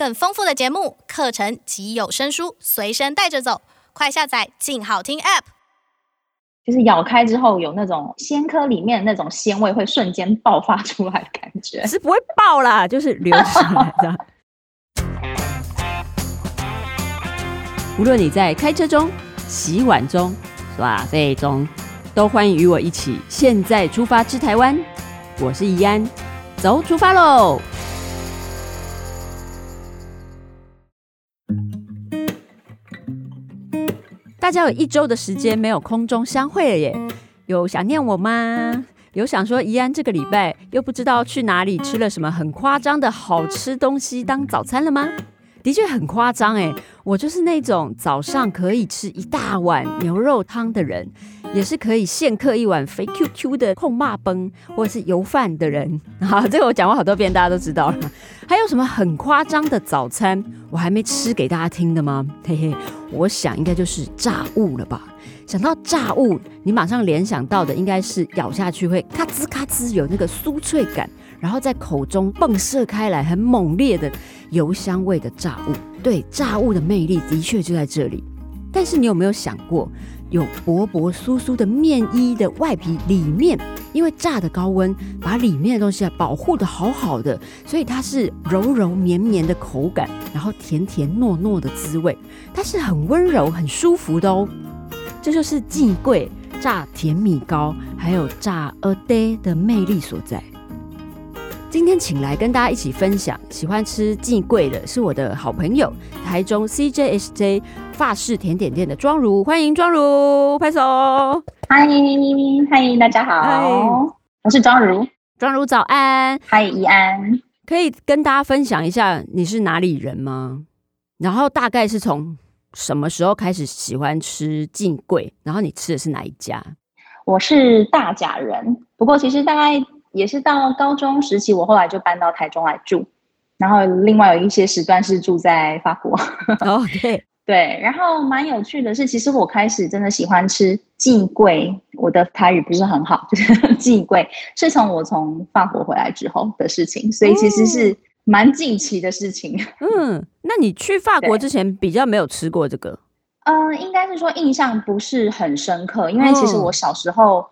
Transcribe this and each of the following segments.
更豐富的節目、課程及有聲書隨身帶着走，快下載靜好聽 App。就是咬開之後，有那種鮮蚵裡面那種鮮味會瞬間爆發出來的感覺。是不會爆啦，就是流下來的。無 論你在開車中、洗碗中、耍廢中，都歡迎與我一起現在出發吃台灣。我是怡安，走，出發嘍！大家有一週的時間沒有空中相會了耶，有想念我嗎？有想說怡安這個禮拜又不知道去哪裡吃了什麼很誇張的好吃東西當早餐了嗎？的確很誇張哎，我就是那種早上可以吃一大碗牛肉湯的人，也是可以現刻一碗肥 Q Q 的爌肉飯或是油飯的人。好，這個我講過好多遍，大家都知道了。還有什麼很誇張的早餐我還沒吃給大家聽的嗎？嘿嘿，我想應該就是炸物了吧。想到炸物，你馬上聯想到的應該是咬下去會咔吱咔吱有那個酥脆感。然後在口中迸射開來，很猛烈的油香味的炸物，對，炸物的魅力的確就在這裡。但是你有沒有想過，有薄薄酥酥的麵衣的外皮，裡面因為炸的高溫把裡面的東西啊保護得好好的，所以它是柔柔綿綿的口感，然後甜甜糯糯的滋味，它是很溫柔、很舒服的哦。這就是季桂炸甜米糕還有炸蚵嗲的魅力所在。今天請來跟大家一起分享喜歡吃炸粿的是我的好朋友台中 CJSJ 法式甜點店的莊如，歡迎莊如拍手，歡迎。大家好，hi, 我是莊如，莊如早安，嗨，怡安，可以跟大家分享一下你是哪裡人嗎？然後大概是從什麼時候開始喜歡吃炸粿，然後你吃的是哪一家？我是大甲人，不過其實大概。也是到高中時期，我後來就搬到台中來住，然後另外有一些時段是住在法國。OK， 對。然後蠻有趣的是，其實我開始真的喜歡吃炸粿，我的台語不是很好，就是炸粿，是從我從法國回來之後的事情，所以其實是蠻近期的事情嗯， 嗯，那你去法國之前比較沒有吃過這個？嗯、呃，應該是說印象不是很深刻，因為其實我小時候。嗯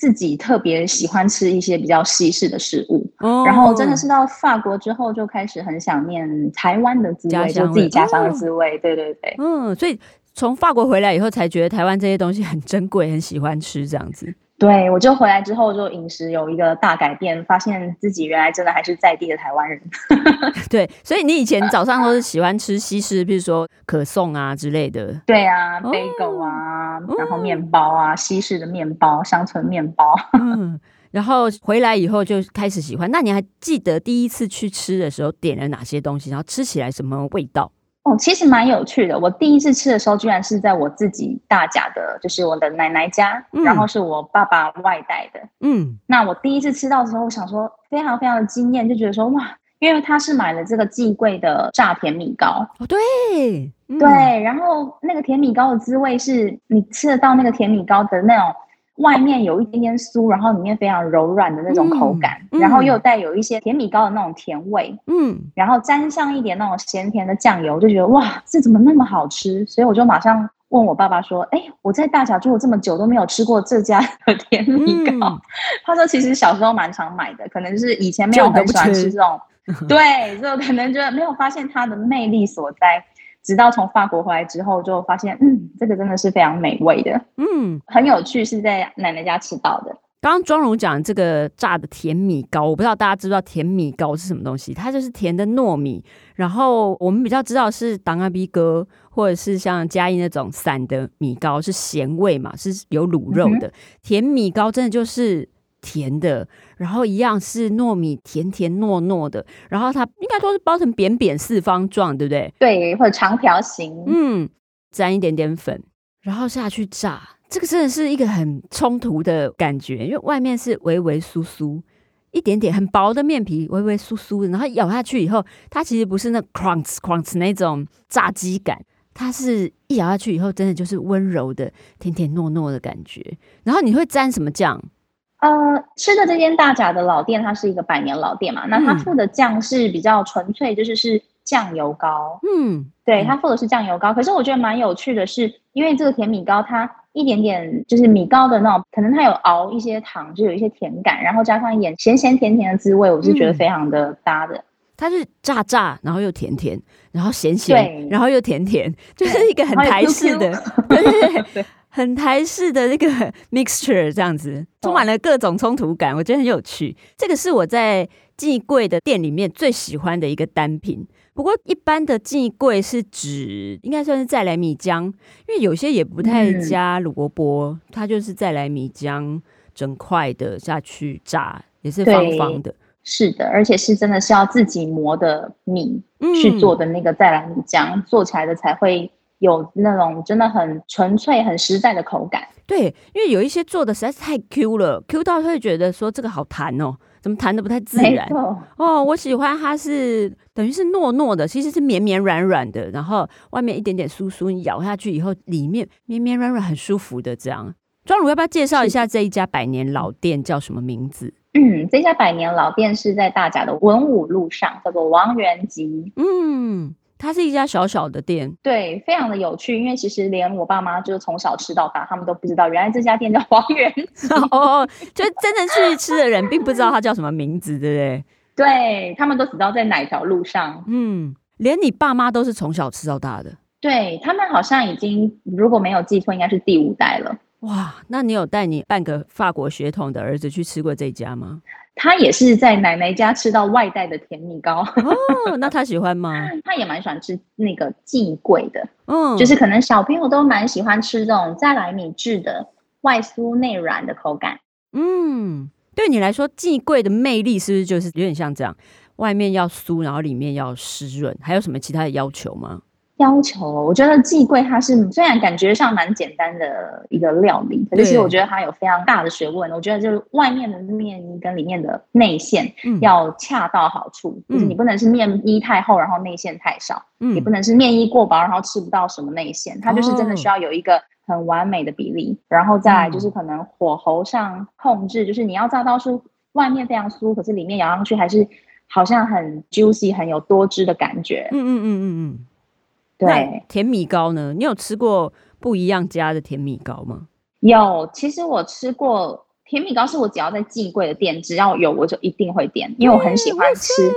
自己特別喜歡吃一些比較西式的食物，哦，然後真的是到法國之後就開始很想念台灣的滋味，家鄉味，就自己家鄉的滋味，哦，對對對，嗯，所以從法國回來以後才覺得台灣這些東西很珍貴，很喜歡吃這樣子。對，我就回來之後就飲食有一個大改變，發現自己原來真的還是在地的台灣人。 對，所以你以前早上都是喜歡吃西式，比如說可頌啊之類的。對啊，哦、Bagel 啊，然後麵包啊、哦，西式的麵包、鄉村麵包。 嗯，然後回來以後就開始喜歡。那你還記得第一次去吃的時候點了哪些東西？然後吃起來什麼味道？哦，其實蠻有趣的。我第一次吃的時候，居然是在我自己大甲的，就是我的奶奶家，嗯，然後是我爸爸外帶的。嗯，那我第一次吃到的時候，我想說非常非常的驚艷，就覺得說哇，因為他是買了這個季桂的炸甜米糕，哦、對、嗯，對，然後那個甜米糕的滋味是你吃得到那個甜米糕的那種。外面有一點點酥，然後裡面非常柔軟的那種口感、嗯嗯，然後又帶有一些甜米糕的那種甜味，嗯，然後沾上一點那種鹹甜的醬油，就覺得哇，這怎麼那麼好吃？所以我就馬上問我爸爸說，哎，我在大甲住了這麼久都沒有吃過這家的甜米糕、嗯。他說其實小時候蠻常買的，可能是以前沒有很喜歡吃這種，對，就可能覺得沒有發現它的魅力所在。直到從法國回來之後，就發現，嗯，這個真的是非常美味的，嗯，很有趣，是在奶奶家吃到的。剛剛莊如講這個炸的甜米糕，我不知道大家知不知道甜米糕是什麼東西？它就是甜的糯米，然後我們比較知道是當阿 B 哥或者是像嘉義那種散的米糕，是鹹味嘛，是有滷肉的。嗯、甜米糕真的就是。甜的，然後一樣是糯米，甜甜糯糯的。然後它應該都是包成扁扁四方狀，對不對？對，或者長條形。嗯，沾一點點粉，然後下去炸。這個真的是一個很衝突的感覺，因為外面是微微酥酥，一點點很薄的麵皮，微微酥酥的。然後咬下去以後，它其實不是那 crunch crunch 那種炸雞感，它是一咬下去以後，真的就是溫柔的甜甜糯糯的感覺。然後你會沾什麼醬？呃，吃的這間大甲的老店，它是一個百年老店嘛。嗯、那它附的醬是比較純粹，就是是醬油膏。嗯，對，它附的是醬油膏。可是我覺得蠻有趣的是，是因為這個甜米糕，它一點點就是米糕的那種，可能它有熬一些糖，就有一些甜感，然後加上一點鹹鹹甜甜的滋味，嗯，我是覺得非常的搭的。它是炸炸，然後又甜甜，然後鹹鹹，對，然後又甜甜，就是一個很台式的。對 很台式的那個 mixture，這樣子、oh. 充滿了各種衝突感，我覺得很有趣。這個是我在炸粿的店裡面最喜歡的一個單品。不過一般的炸粿是指應該算是在來米漿，因為有些也不太加蘿蔔、嗯，它就是在來米漿整塊的下去炸，也是方方的。是的，而且是真的是要自己磨的米、嗯、去做的那個在來米漿，做起來的才會。有那種真的很純粹、很實在的口感。對，因為有一些做的實在是太 Q 了，Q 到會覺得說這個好彈哦，怎麼彈的不太自然哦。我喜歡它是等於是糯糯的，其實是綿綿軟軟的，然後外面一點點酥酥，你咬下去以後裡面綿綿軟軟，很舒服的這樣。莊如要不要介紹一下這一家百年老店叫什麼名字？嗯，這一家百年老店是在大甲的文武路上，叫做王元吉。嗯。它是一家小小的店，對，非常的有趣，因為其實連我爸媽就是從小吃到大，他們都不知道原來這家店叫花園哦， 就真正去吃的人並不知道它叫什麼名字，對不對？對，他們都知道在哪條路上，嗯，連你爸媽都是從小吃到大的，對，他們好像已經如果沒有記錯，應該是第五代了。哇，那你有帶你半個法國血統的兒子去吃過這家嗎？他也是在奶奶家吃到外帶的甜米糕哦，那他喜歡嗎？ 他也蠻喜歡吃那個炸粿的，嗯，就是可能小朋友都蠻喜歡吃這種再來米制的外酥內軟的口感。嗯，對你來說炸粿的魅力是不是就是有點像這樣，外面要酥，然後裡面要濕潤？還有什麼其他的要求嗎？要求，我覺得雞貴它是雖然感覺上蠻簡單的一個料理，可是其實我覺得它有非常大的學問。嗯，我覺得就是外面的麵衣跟裡面的內餡要恰到好處。嗯，就是你不能是麵衣太厚，然後內餡太少，你，嗯、不能是麵衣過薄，然後吃不到什麼內餡，它就是真的需要有一個很完美的比例。哦，然後再來就是可能火候上控制，嗯，就是你要炸到是外面非常酥，可是裡面咬上去還是好像很 juicy，很有多汁的感覺。嗯嗯嗯嗯，嗯嗯對甜米糕呢？你有吃過不一樣家的甜米糕嗎？有，其實我吃過甜米糕，是我只要在炸粿的店，只要有我就一定會點，因為我很喜歡吃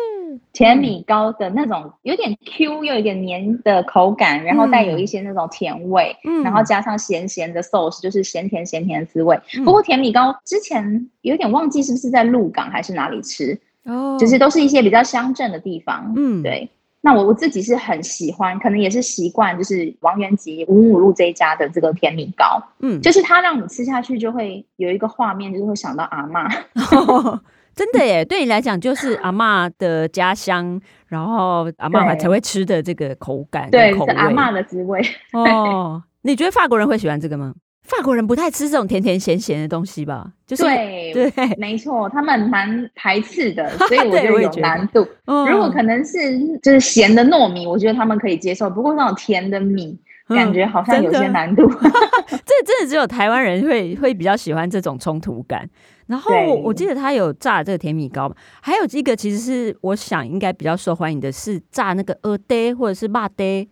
甜米糕的那種有點 Q 又有點黏的口感，嗯、然後帶有一些那種甜味，嗯、然後加上鹹鹹的 sauce，就是鹹甜鹹甜的滋味，嗯。不過甜米糕之前有點忘記是不是在鹿港還是哪裡吃，其，哦就是都是一些比較鄉鎮的地方。嗯，對。那我我自己是很喜歡，可能也是習慣，就是王元吉五五路這一家的這個甜米糕，嗯，就是它讓你吃下去就會有一個畫面，就會想到阿嬤、哦。真的耶，對你來講就是阿嬤的家鄉， 然後阿嬤才會吃的這個口感，對，這個、對是阿嬤的滋味。哦，你覺得法國人會喜歡這個嗎？法國人不太吃這種甜甜鹹鹹的東西吧？就是對對，沒錯，他們蠻排斥的，所以我就有難度。 嗯、如果可能是就是鹹的糯米，我覺得他們可以接受，不過那種甜的米，感覺好像有些難度。嗯、真 這真的只有台灣人會會比較喜歡這種衝突感。然後我，我記得他有炸這個甜米糕，還有一個其實是我想應該比較受歡迎的是炸那個蚵嗲，或者是辣嗲。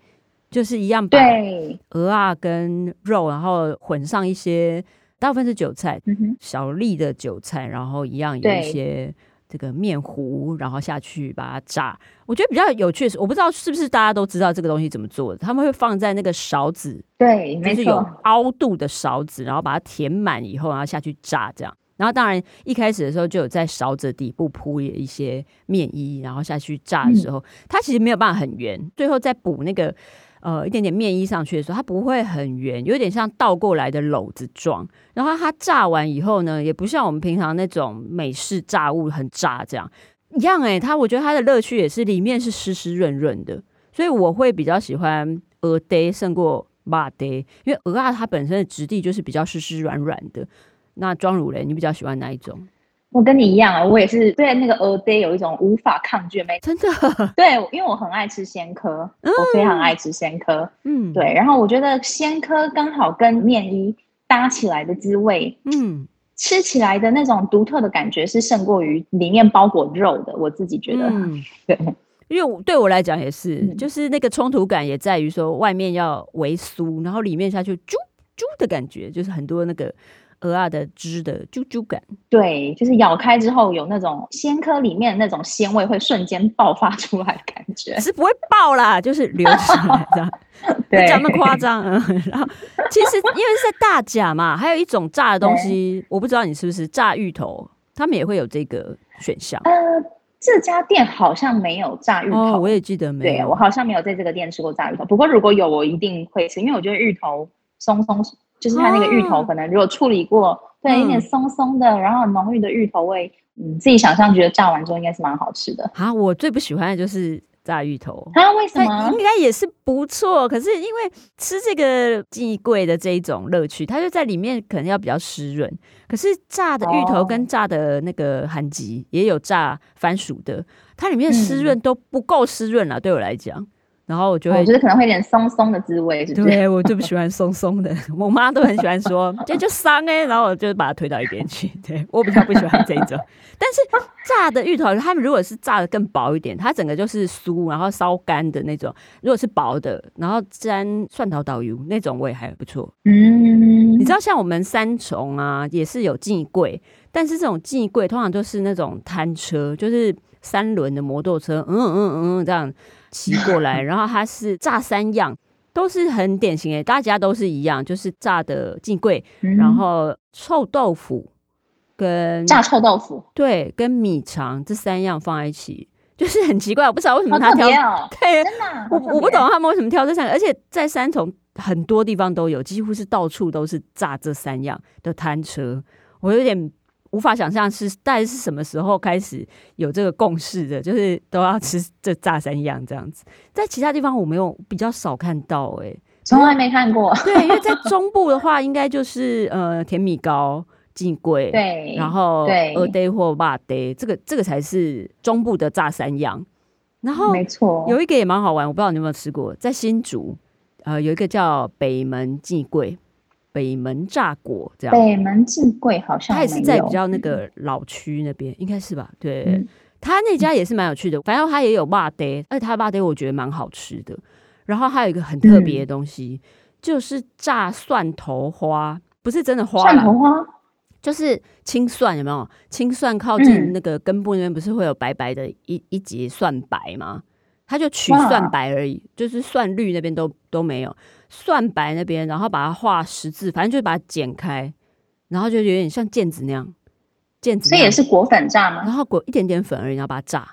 就是一樣把蚵仔跟肉，然後混上一些，大部分是韭菜、嗯，小粒的韭菜，然後一樣有一些這個麵糊，然後下去把它炸。我覺得比較有趣的是，我不知道是不是大家都知道這個東西怎麼做的。他們會放在那個勺子，對，就是有凹度的勺子，然後把它填滿以後，然後下去炸這樣。然後當然一開始的時候就有在勺子底部鋪一些麵衣，然後下去炸的時候，嗯、它其實沒有辦法很圓，最後再補那個。呃，一點點麵衣上去的時候，它不會很圓，有點像倒過來的簍子狀。然後它炸完以後呢，也不像我們平常那種美式炸物很炸這樣一樣、欸。哎，它我覺得它的樂趣也是裡面是濕濕潤潤的，所以我會比較喜歡蚵嗲勝過鴨嗲，因為蚵啊它本身的質地就是比較濕濕軟軟的。那莊如雷，你比較喜歡哪一種？我跟你一樣啊，我也是對那個蚵嗲有一種無法抗拒美。真的，對，因為我很愛吃鮮蚵，嗯，我非常愛吃鮮蚵。嗯，對，然後我覺得鮮蚵剛好跟麵衣搭起來的滋味，嗯，吃起來的那種獨特的感覺是勝過於裡面包裹肉的。我自己覺得，嗯，對，因為對我來講也是，嗯，就是那個衝突感也在於說外面要微酥，然後裡面下去 juju 的感覺，就是很多那個。蚵仔的汁的啾啾感，對，就是咬開之後有那種鮮蚵裡面那種鮮味會瞬間爆發出來的感覺，是不會爆啦， 就是流出來的，不 講那麼誇張，啊。 然後其實因為是在大甲嘛， 還有一種炸的東西，我不知道你是不是炸芋頭，他們也會有這個選項。呃，這家店好像沒有炸芋頭，哦，我也記得沒有對，啊，我好像沒有在這個店吃過炸芋頭。不過如果有，我一定會吃，因為我覺得芋頭鬆松。就是它那個芋頭，可能如果處理過，啊、對，有點鬆松的，然後很濃郁的芋頭味，嗯、你自己想象覺得炸完之後應該是蠻好吃的。啊，我最不喜歡的就是炸芋頭。它、啊、為什麼？它應該也是不錯，可是因為吃這個浸桂的這一種樂趣，它就在裡面，可能要比較濕潤。可是炸的芋頭跟炸的那個寒橘，也有炸番薯的，它裡面濕潤都不夠濕潤了，對我來講。然後我就會，我覺得可能會有點鬆松的滋味，就是、對，我最不喜歡鬆松的。 我媽都很喜歡說，就就傷哎，然後我就把它推到一邊去。對，我比較不喜歡這種。 但是炸的芋頭，他們如果是炸的更薄一點，它整個就是酥，然後燒乾的那種。如果是薄的，然後沾蒜頭倒油那種，味還不錯。嗯，你知道像我們三重啊，也是有寄櫃，但是這種寄櫃通常都是那種攤車，就是三輪的摩托車，嗯嗯嗯，這樣，騎過來，然後它是炸三樣， 都是很典型誒，大家都是一樣，就是炸的進櫃、嗯，然後臭豆腐跟炸臭豆腐，對，跟米腸這三樣放在一起，就是很奇怪，我不知道為什麼他挑，哦、對真、啊、我我不懂他們為什麼挑這三個，而且在三重很多地方都有，幾乎是到處都是炸這三樣的攤車，我有點。無法想象是大概是什麼時候開始有這個共識的，就是都要吃這炸三樣這樣子。在其他地方我沒有比較少看到哎、欸，從來沒看過。對， 因為在中部的話，應該就是呃甜米糕、炸粿，對，然後對蚵嗲或肉嗲，這個這個才是中部的炸三樣。然後沒錯，有一個也蠻好玩，我不知道你有沒有吃過？在新竹呃有一個叫北門炸粿。北門炸粿這樣，北門進貴好像他也是在比較那個老區那邊，嗯，應該是吧？對、嗯、他那家也是蠻有趣的，反正他也有蚵嗲，而且他蚵嗲我覺得蠻好吃的。然後還有一個很特別的東西，嗯，就是炸蒜頭花，不是真的花。蒜頭花就是青蒜，有沒有？青蒜靠近那個根部那邊，不是會有白白的一一節蒜白嗎？他就取蒜白而已，啊、就是蒜綠那邊都都沒有，蒜白那邊，然後把它畫十字，反正就是把它剪開，然後就有點像毽子那樣，毽子那。這也是裹粉炸嗎？然後裹一點點粉而已，然後把它炸，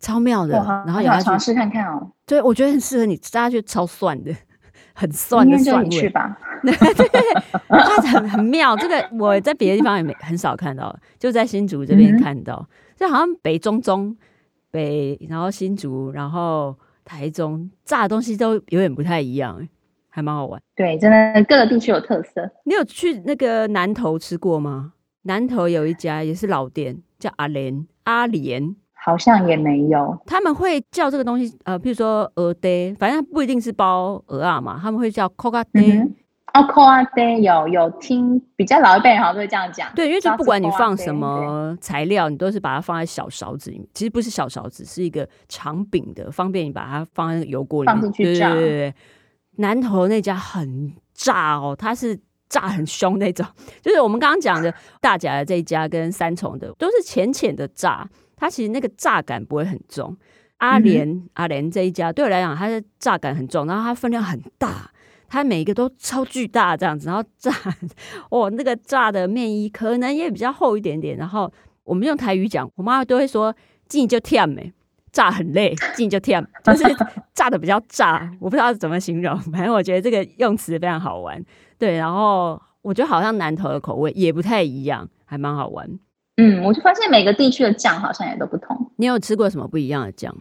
超妙的。我然後有嘗試看看哦、喔。對，我覺得很適合你，炸去超蒜的，很蒜的蒜味，你去吧， 對，它很很妙。這個我在別的地方也沒很少看到，就在新竹這邊看到，這、嗯嗯、好像北中中。北，然後新竹，然後台中，炸的東西都有點不太一樣，還蠻好玩。對，真的各個地區有特色。你有去那個南投吃過嗎？南投有一家也是老店，叫阿蓮。阿蓮好像也沒有，他們會叫這個東西，呃，比如說蚵嗲，反正不一定是包蚵仔嘛，他們會叫烤鴨爹。嗯哦，阿扣啊有有聽，比較老一輩人好像都會這樣講。對，因為就不管你放什麼材料、嗯，你都是把它放在小勺子裡面。其實不是小勺子，是一個長柄的，方便你把它放在油鍋裡面放進去炸。對對對對對。南投那家很炸哦，它是炸很凶那種。就是我們剛剛講的大甲的這一家跟三重的都是淺淺的炸，它其實那個炸感不會很重。阿蓮、嗯、阿蓮這一家對我來講，它是炸感很重，然後它分量很大。它每一個都超巨大，這樣子，然後炸，哦，那個炸的麵衣可能也比較厚一點點。然後我們用台語講，我媽都會說“勁就跳”。哎，炸很累，勁就跳。就是炸的比較炸。 我不知道怎麼形容，反正我覺得這個用詞非常好玩。對，然後我覺得好像南投的口味也不太一樣，還蠻好玩。嗯，我就發現每個地區的醬好像也都不同。你有吃過什麼不一樣的醬？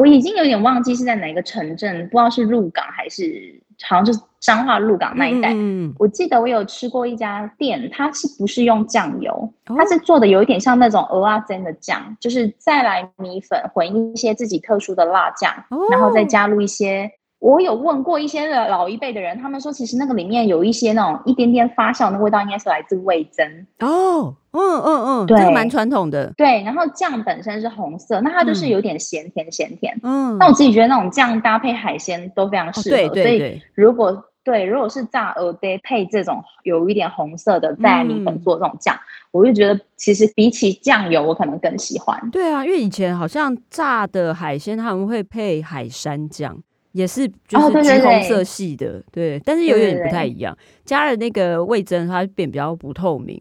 我已經有點忘記是在哪個城鎮，不知道是鹿港還是，好像就是彰化鹿港那一帶。嗯，我記得我有吃過一家店，它是不是用醬油？它是做的有一點像那種蚵仔煎的醬，就是再來米粉混一些自己特殊的辣醬，哦，然後再加入一些。我有問過一些老一輩的人，他們說其實那個裡面有一些那種一點點發酵的味道，應該是來自味噌。哦。嗯嗯嗯，這個蠻傳統的。對，然後醬本身是紅色，那它就是有點鹹甜鹹甜。嗯，那我自己覺得那種醬搭配海鮮都非常適合。啊、對，對，所以如果對，對，對，如果是炸蚵嗲，配這種有一點紅色的，在米粉做這種醬、嗯，我就覺得其實比起醬油，我可能更喜歡。對啊，因為以前好像炸的海鮮他們會配海山醬，也是就是橘紅色系的、啊對對對，對，但是有，有點不太一樣，對對對，加了那個味噌，它變比較不透明。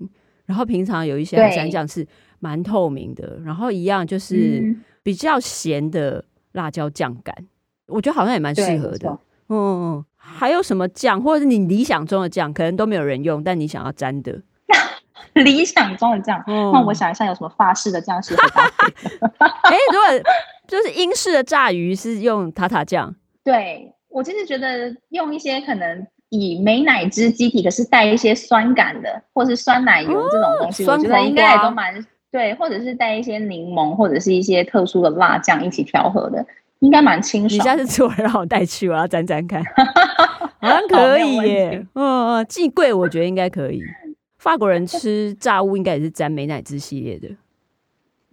然後平常有一些蘸醬是蠻透明的，然後一樣就是比較鹹的辣椒醬感，嗯、我覺得好像也蠻適合的。嗯，還有什麼醬或者是你理想中的醬，可能都沒有人用，但你想要沾的？ 理想中的醬、嗯，那我想一下有什麼法式的醬是？合、 欸？如果就是英式的炸魚是用塔塔醬，對，我其實覺得用一些可能。以美乃滋基底，可是帶一些酸感的，或是酸奶油這種東西、哦，我覺得應該也都蠻、哦、對，或者是帶一些檸檬，或者是一些特殊的辣醬一起調和的，應該蠻清爽。你下次吃完讓我帶去，我要沾沾看， 好像可以耶。呃、哦，既、哦、貴，我覺得應該可以。法國人吃炸物應該也是沾美乃滋系列的，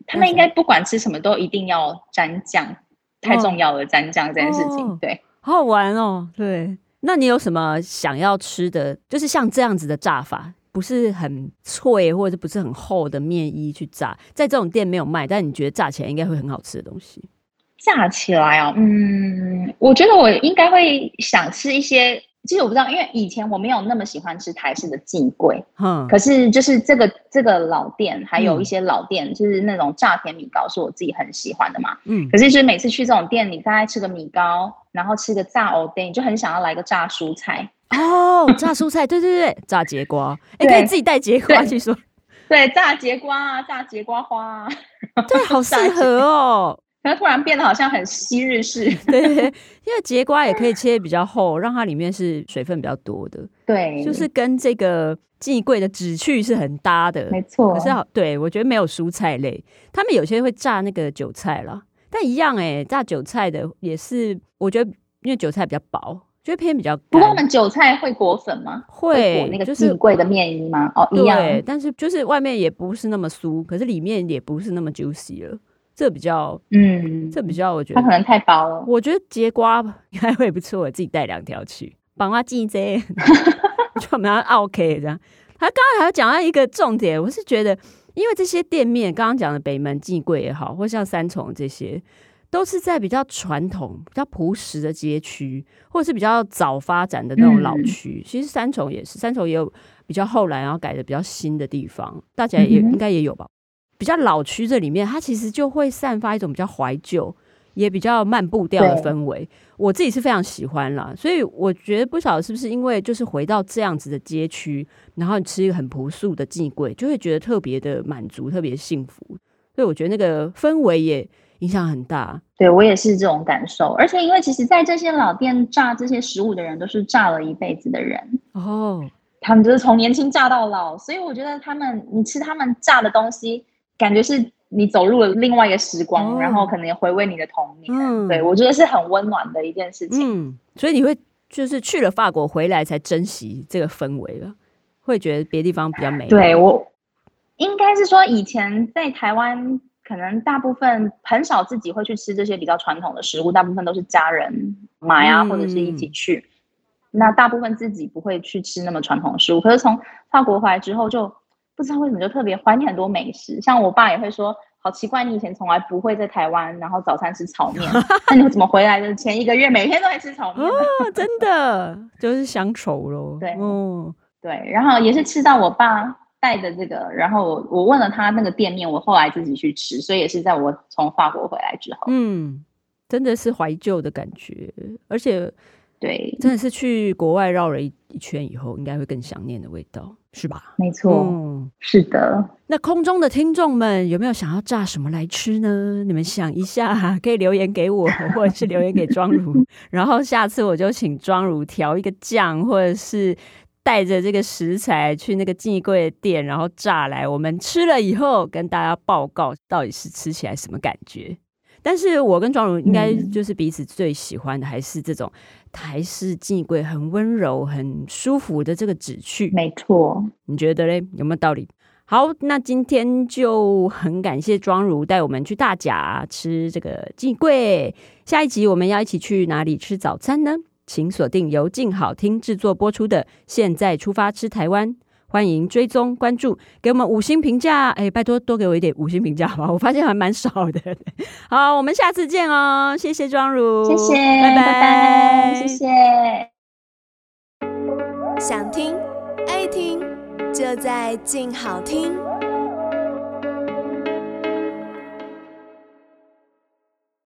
他們應該不管吃什麼都一定要沾醬，哦、太重要了，沾醬這件事情。哦、對、哦，好好玩哦，對。那你有什麼想要吃的？就是像這樣子的炸法，不是很脆或者不是很厚的麵衣去炸，在這種店沒有賣，但你覺得炸起來應該會很好吃的東西？炸起來啊，嗯，我覺得我應該會想吃一些。其實我不知道，因為以前我沒有那麼喜歡吃台式的金貴、嗯。可是就是這個這個老店，還有一些老店、嗯，就是那種炸甜米糕是我自己很喜歡的嘛。嗯。可是，是每次去這種店，你大概吃個米糕，然後吃個炸藕丁，你就很想要來個炸蔬菜。哦，炸蔬菜，對對對， 炸櫛瓜。你、欸、可以自己帶櫛瓜去說。對，對炸櫛瓜啊，炸櫛瓜花啊。 對，好適合哦。它突然變得好像很昔日式，對， 因為櫛瓜也可以切比較厚，嗯，讓它裡面是水分比較多的，對，就是跟這個季貴的紙去是很搭的，沒錯。可是好，對我覺得沒有蔬菜類，他們有些會炸那個韭菜了，但一樣哎，欸，炸韭菜的也是，我覺得因為韭菜比較薄，就得偏比較。不過他們韭菜會裹粉嗎？會，會那個季貴的麵衣嗎？就是，哦，一樣。對，但是就是外面也不是那麼酥，可是裡面也不是那麼 juicy 了。這比較，嗯，這比較，我覺得它可能太薄了。我覺得櫛瓜應該會不錯，我自己帶兩條去，綁它進這，就蠻 OK 的。他剛剛還講到一個重點，我是覺得，因為這些店面，剛剛講的北門寄貴也好，或像三重這些，都是在比較傳統、比較樸實的街區，或者是比較早發展的那種老區。嗯、其實三重也是，三重也有比較後來然後改的比較新的地方，大家也、嗯、應該也有吧。比較老區這裡面，它其實就會散發一種比較懷舊、也比較慢步調的氛圍。我自己是非常喜歡啦，所以我覺得不曉得是不是因為就是回到這樣子的街區，然後你吃一個很樸素的炸粿，就會覺得特別的滿足、特別幸福。所以我覺得那個氛圍也影響很大。對，我也是這種感受，而且因為其實，在這些老店炸這些食物的人，都是炸了一輩子的人哦，他們就是從年輕炸到老，所以我覺得他們，你吃他們炸的東西。感覺是你走入了另外一個時光，哦、然後可能也回味你的童年。嗯、對，我覺得是很溫暖的一件事情。嗯，所以你會就是去了法國回來才珍惜這個氛圍了，會覺得別地方比較美？對，我應該是說，以前在台灣，可能大部分很少自己會去吃這些比較傳統的食物，大部分都是家人買啊，或者是一起去、嗯。那大部分自己不會去吃那麼傳統的食物，可是從法國回來之後就。不知道為什麼就特別懷念很多美食，像我爸也會說，好奇怪，你以前從來不會在台灣，然後早餐吃炒麵，那 你怎麼回來的？前一個月每天都在吃炒麵，哦，真的 就是鄉愁咯。對，嗯，對，然後也是吃到我爸帶的這個，然後我問了他那個店面，我後來自己去吃，所以也是在我從法國回來之後，嗯，真的是懷舊的感覺，而且。對，真的是去國外繞了一一圈以後，應該會更想念的味道，是吧？沒錯，嗯，是的。那空中的聽眾們有沒有想要炸什麼來吃呢？你們想一下，可以留言給我，或者是留言給莊如。 然後下次我就請莊如調一個醬，或者是帶着這個食材去那個金貴的店，然後炸來，我們吃了以後跟大家報告到底是吃起來什麼感覺。但是我跟莊如應該就是彼此最喜歡的、嗯、還是這種。還是紀櫃很溫柔、很舒服的這個紙序。沒錯。你覺得嘞？有沒有道理？好，那今天就很感謝莊如帶我們去大甲吃這個紀櫃。下一集我們要一起去哪裡吃早餐呢？請鎖定由靜好聽制作播出的《現在出發吃台灣》。歡迎追蹤關注，給我們五星評價，哎，拜托多給我一點五星評價好吧，我發現還蠻少的。好，我們下次見哦，謝謝莊如，謝謝拜拜，拜拜，謝謝。想聽愛聽就在靜好聽。